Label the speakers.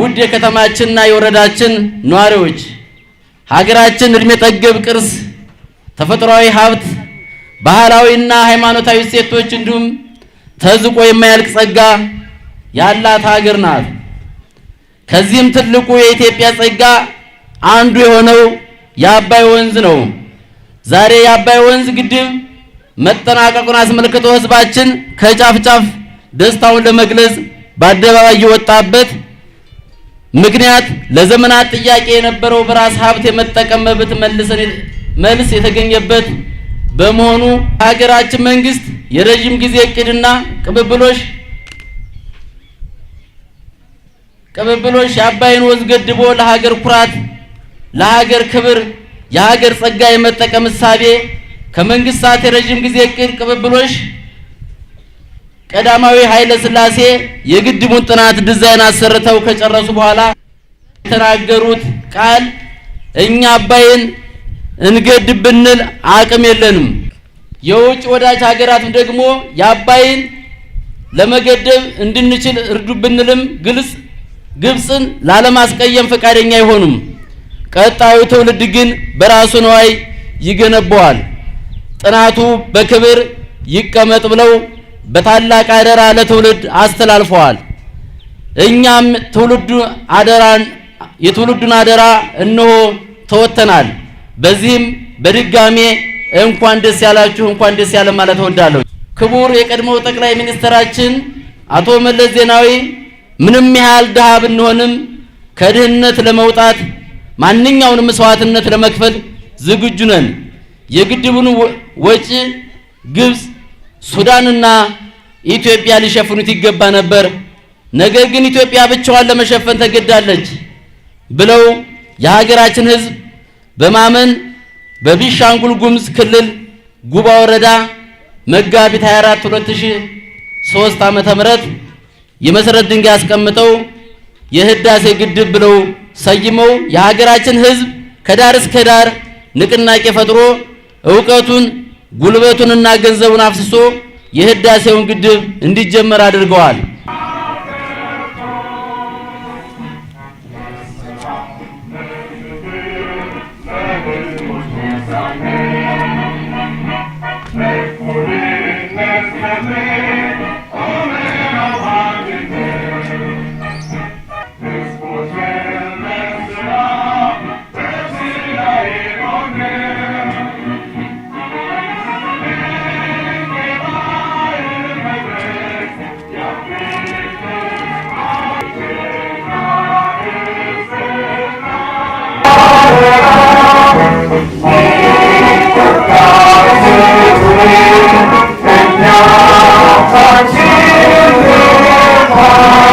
Speaker 1: ውድ የከተማችንና የወረዳችን ነዋሪዎች ሀገራችን እድሜ ጠገብ ቅርስ፣ ተፈጥሯዊ ሀብት፣ ባህላዊና ሃይማኖታዊ እሴቶች እንዲሁም ተዝቆ የማያልቅ ጸጋ ያላት ሀገር ናት። ከዚህም ትልቁ የኢትዮጵያ ጸጋ አንዱ የሆነው የአባይ ወንዝ ነው። ዛሬ የአባይ ወንዝ ግድብ መጠናቀቁን አስመልክቶ ህዝባችን ከጫፍ ጫፍ ደስታውን ለመግለጽ በአደባባይ የወጣበት ምክንያት ለዘመናት ጥያቄ የነበረው በራስ ሀብት የመጠቀም መብት መልስ የተገኘበት በመሆኑ ሀገራችን መንግስት የረዥም ጊዜ እቅድና ቅብብሎሽ ቅብብሎሽ የአባይን ወንዝ ገድቦ ለሀገር ኩራት፣ ለሀገር ክብር፣ የሀገር ጸጋ የመጠቀም እሳቤ ከመንግስታት የረዥም ጊዜ እቅድ ቅብብሎሽ ቀዳማዊ ኃይለ ሥላሴ የግድቡን ጥናት ዲዛይን አሰርተው ከጨረሱ በኋላ የተናገሩት ቃል እኛ አባይን እንገድብ ብንል አቅም የለንም። የውጭ ወዳጅ ሀገራትም ደግሞ የአባይን ለመገደብ እንድንችል እርዱ ብንልም ግልጽ ግብፅን ላለማስቀየም ፈቃደኛ አይሆኑም። ቀጣዩ ትውልድ ግን በራሱ ነዋይ ይገነባዋል። ጥናቱ በክብር ይቀመጥ ብለው በታላቅ አደራ ለትውልድ አስተላልፈዋል። እኛም ትውልዱ አደራን የትውልዱን አደራ እነሆ ተወጥተናል። በዚህም በድጋሜ እንኳን ደስ ያላችሁ እንኳን ደስ ያለ ማለት እወዳለሁ። ክቡር የቀድሞው ጠቅላይ ሚኒስትራችን አቶ መለስ ዜናዊ ምንም ያህል ድሃ ብንሆንም ከድህነት ለመውጣት ማንኛውንም መስዋዕትነት ለመክፈል ዝግጁ ነን። የግድቡን ወጪ ግብፅ ሱዳንና ኢትዮጵያ ሊሸፍኑት ይገባ ነበር፣ ነገር ግን ኢትዮጵያ ብቻዋን ለመሸፈን ተገዳለች ብለው የሀገራችን ህዝብ በማመን በቢሻንጉል ጉምዝ ክልል ጉባ ወረዳ መጋቢት 24 2003 ዓመተ ምህረት የመሰረት ድንጋይ አስቀምጠው የህዳሴ ግድብ ብለው ሰይመው የሀገራችን ህዝብ ከዳር እስከ ዳር ንቅናቄ ፈጥሮ እውቀቱን ጉልበቱንና ገንዘቡን አፍስሶ የህዳሴውን ግድብ እንዲጀመር አድርገዋል። Amen. Thank you.